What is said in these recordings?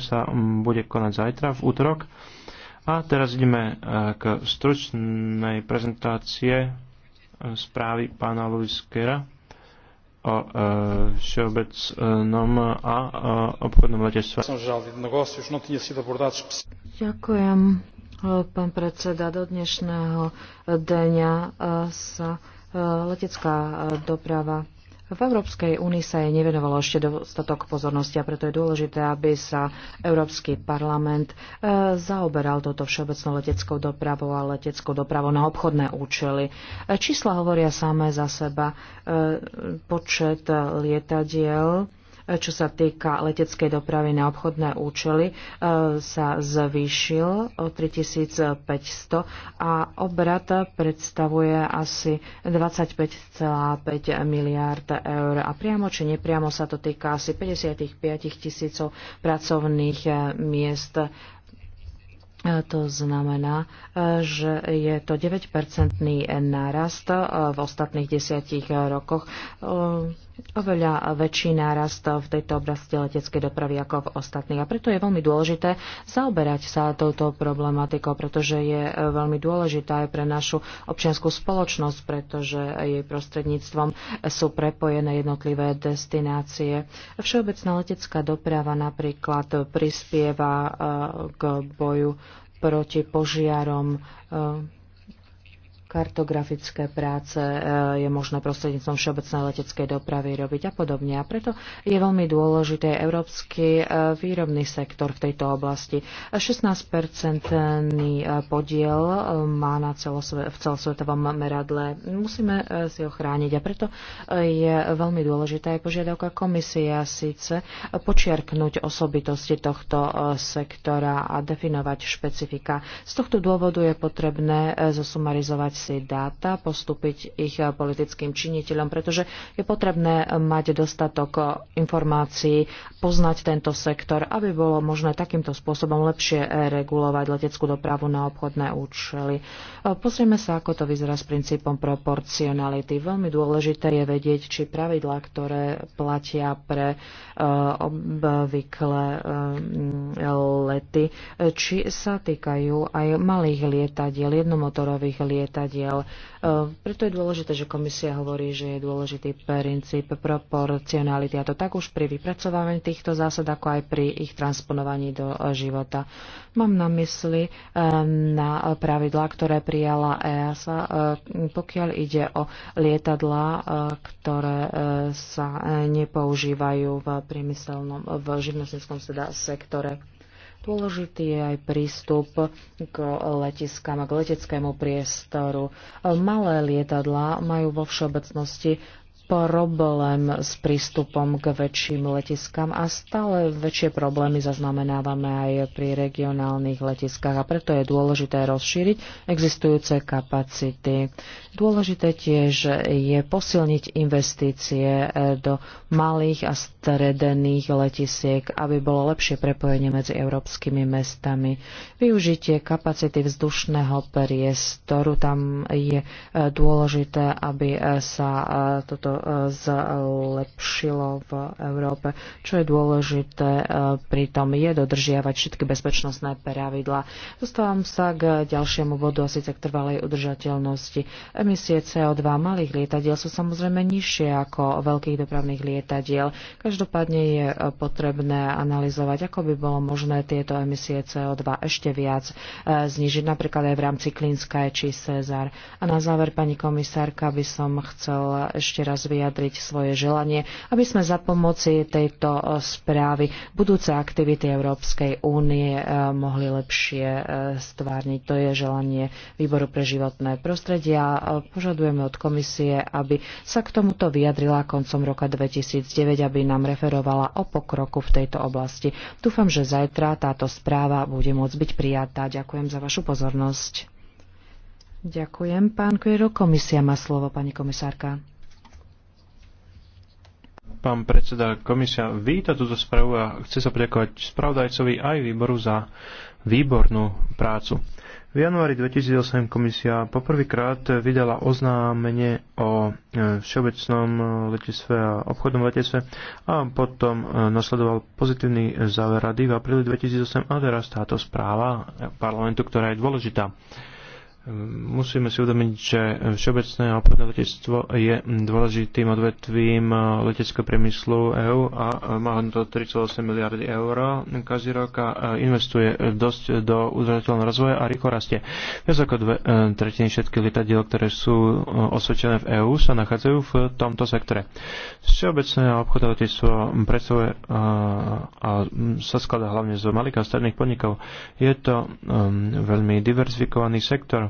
sa mm, bude konať zajtra v útorok. A teraz ideme e, k stručnej prezentácie e, správy pána Luis Kera o e, všeobecnom a obchodnom letectve. Ďakujem, pán predseda. Do dnešného dňa sa letecká doprava v Európskej únii sa jej nevenovalo ešte dostatok pozornosti a preto je dôležité, aby sa Európsky parlament e, zaoberal toto všeobecnou leteckou dopravou a leteckou dopravou na obchodné účely. E, čísla hovoria samé za seba. E, počet lietadiel čo sa týka leteckej dopravy na obchodné účely, e, sa zvýšil o 3500 a obrat predstavuje asi 25,5 miliárd eur. A priamo či nepriamo sa to týka asi 55 tisícov pracovných e, miest e, to znamená, že je to 9-percentný nárast v ostatných desiatich rokoch oveľa väčší nárast v tejto oblasti leteckej dopravy ako v ostatných. A preto je veľmi dôležité zaoberať sa touto problematikou, pretože je e, veľmi dôležitá aj pre našu občianskú spoločnosť, pretože jej prostredníctvom sú prepojené jednotlivé destinácie. Všeobecná letecká doprava napríklad prispieva e, k boju proti požiarom e, kartografické práce e, je možné prostredníctvom všeobecnej leteckej dopravy robiť a podobne. A preto je veľmi dôležitý európsky e, výrobný sektor v tejto oblasti. 16-percentný e, podiel má na celosve, v celosvetovom meradle. Musíme si ho chrániť a preto je veľmi dôležitá aj požiadavka komisie síce počiarknúť osobitosti tohto sektora a definovať špecifika. Z tohto dôvodu je potrebné zosumarizovať si dáta, postúpiť ich eh, politickým činiteľom, pretože je potrebné eh, mať dostatok eh, informácií, poznať tento sektor, aby bolo možné takýmto spôsobom lepšie regulovať leteckú dopravu na obchodné účely. Pozrieme sa, ako to vyzerá s princípom proporcionality. Veľmi dôležité je vedieť, či pravidlá, ktoré platia pre obvykle lety, či sa týkajú aj malých lietadiel, jednomotorových lietadiel, pohromadiel. E, preto je dôležité, že komisia hovorí, že je dôležitý princíp proporcionality a to tak už pri vypracovaní týchto zásad, ako aj pri ich transponovaní do e, života. Mám na mysli e, na pravidlá, ktoré prijala EASA, pokiaľ ide o lietadlá, ktoré sa nepoužívajú v priemyselnom, v živnostníckom teda sektore. Dôležitý je aj prístup k letiskám a k leteckému priestoru. Malé lietadlá majú vo všeobecnosti problém s prístupom k väčším letiskám a stále väčšie problémy zaznamenávame aj pri regionálnych letiskách a preto je dôležité rozšíriť existujúce kapacity. Dôležité tiež je posilniť investície e, do malých a stredených letisiek, aby bolo lepšie prepojenie medzi európskymi mestami. Využitie kapacity vzdušného priestoru tam je e, dôležité, aby e, sa toto zlepšilo v Európe. Čo je dôležité, e, pritom je dodržiavať všetky bezpečnostné pravidlá. Dostávam sa k ďalšiemu bodu, a síce k trvalej udržateľnosti. Emisie CO2 malých lietadiel sú samozrejme nižšie ako veľkých dopravných lietadiel. Každopádne je e, potrebné analyzovať, ako by bolo možné tieto emisie CO2 ešte viac e, znižiť, napríklad aj v rámci Klínska či Cezar. A na záver, pani komisárka, by som chcela ešte raz vyjadriť svoje želanie, aby sme za pomoci tejto e, správy budúce aktivity Európskej únie e, mohli lepšie e, stvárniť. To je želanie Výboru pre životné prostredie a požadujeme od komisie, aby sa k tomuto vyjadrila koncom roka 2009, aby nám referovala o pokroku v tejto oblasti. Dúfam, že zajtra táto správa bude môcť byť prijatá. Ďakujem za vašu pozornosť. Ďakujem, pán Kujero. Komisia má slovo, pani komisárka. Pán predseda, komisia víta túto správu a chce sa poďakovať spravodajcovi aj výboru za výbornú prácu. V januári 2008 komisia poprvýkrát vydala oznámenie o e, všeobecnom letectve a obchodnom letectve a potom e, nasledoval pozitívny záver rady v apríli 2008 a teraz táto správa parlamentu, ktorá je dôležitá musíme si uvedomiť, že všeobecné obchodné letectvo je dôležitým odvetvím leteckého priemyslu EÚ a má hodnotu 3,8 miliardy eur každý rok a investuje dosť do udržateľného rozvoja a rýchlo rastie. Viac ako dve e, tretiny všetkých lietadiel, ktoré sú e, osvedčené v EÚ, sa nachádzajú v tomto sektore. Všeobecné obchodné letectvo predstavuje e, a sa skladá hlavne z malých a stredných podnikov. Je to veľmi diverzifikovaný sektor,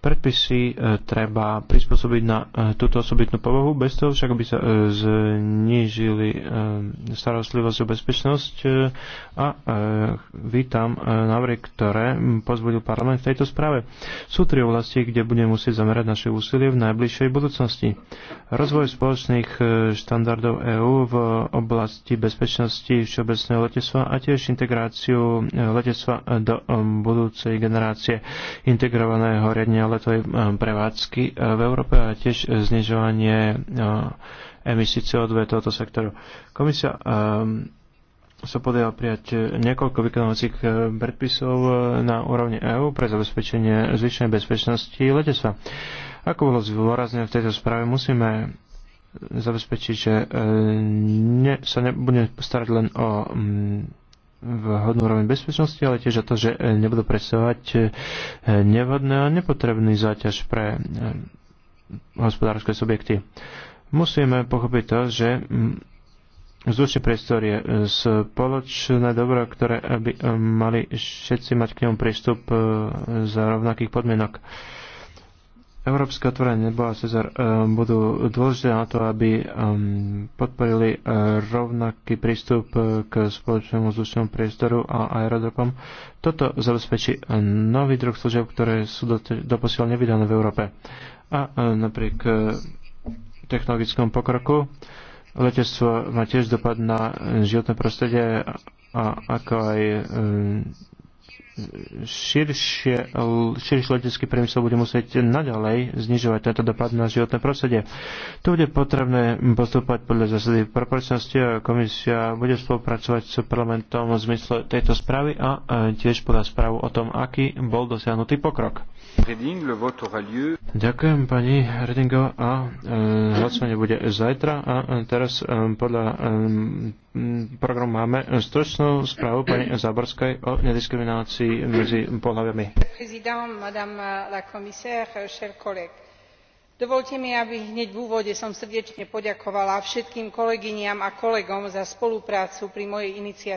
predpisy e, treba prispôsobiť na e, túto osobitnú povahu, bez toho však by sa e, znížili starostlivosť o bezpečnosť a vítam návrhy, ktoré pozbudil parlament v tejto správe. Sú tri oblasti, kde budeme musieť zamerať naše úsilie v najbližšej budúcnosti. Rozvoj spoločných štandardov EÚ v oblasti bezpečnosti všeobecného letectva a tiež integráciu letectva do budúcej generácie integrovaného riadneho letovej e, prevádzky e, v Európe a tiež znižovanie e, emisí CO2 tohoto sektoru. Komisia sa podiela prijať niekoľko vykonávacích predpisov na úrovni EÚ pre zabezpečenie zvyšnej bezpečnosti letectva. Ako bolo zvôrazne v tejto správe, musíme zabezpečiť, že ne, sa nebude starať len o hodnú úroveň bezpečnosti, ale tiež a to, že e, nebudú predstavovať e, e, nevhodné a nepotrebný záťaž pre hospodárske subjekty. Musíme pochopiť to, že vzdušný priestor je spoločné dobro, ktoré by mali všetci mať k nemu prístup za rovnakých podmienok. Európske otvorenie nebo a Cezar eh, budú dôležité na to, aby eh, podporili eh, rovnaký prístup k spoločnému vzdušnému priestoru a aerodropom. Toto zabezpečí nový druh služieb, ktoré sú doposiaľ nevydané v Európe. A napriek technologickom pokroku letectvo má tiež dopad na životné prostredie a ako aj širšie, širší letecký priemysel bude musieť naďalej znižovať tento dopad na životné prostredie. Tu bude potrebné postupovať podľa zásady proporčnosti a komisia bude spolupracovať s parlamentom v zmysle tejto správy a e, tiež podá správu o tom, aký bol dosiahnutý pokrok. Reding, lieu... Ďakujem pani Redingo a e, hlasovanie bude zajtra a e, teraz e, podľa e, Program máme stručnú správu pani Záborskej o nediskriminácii medzi pohľaviami. Dovolte mi, aby hneď v úvode som srdečne poďakovala všetkým kolegyniam a kolegom za spoluprácu pri mojej iniciatíve